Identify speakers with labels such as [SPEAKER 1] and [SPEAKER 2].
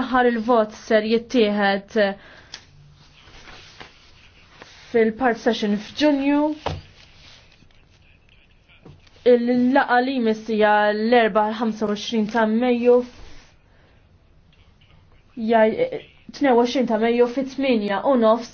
[SPEAKER 1] aħar il-vot ser jittieħed fil-part session f'Ġunju. Il-laqa li missija l-4-25 ta' Mejju 22 eh, eh, ta' Mejju fit-8 u nofs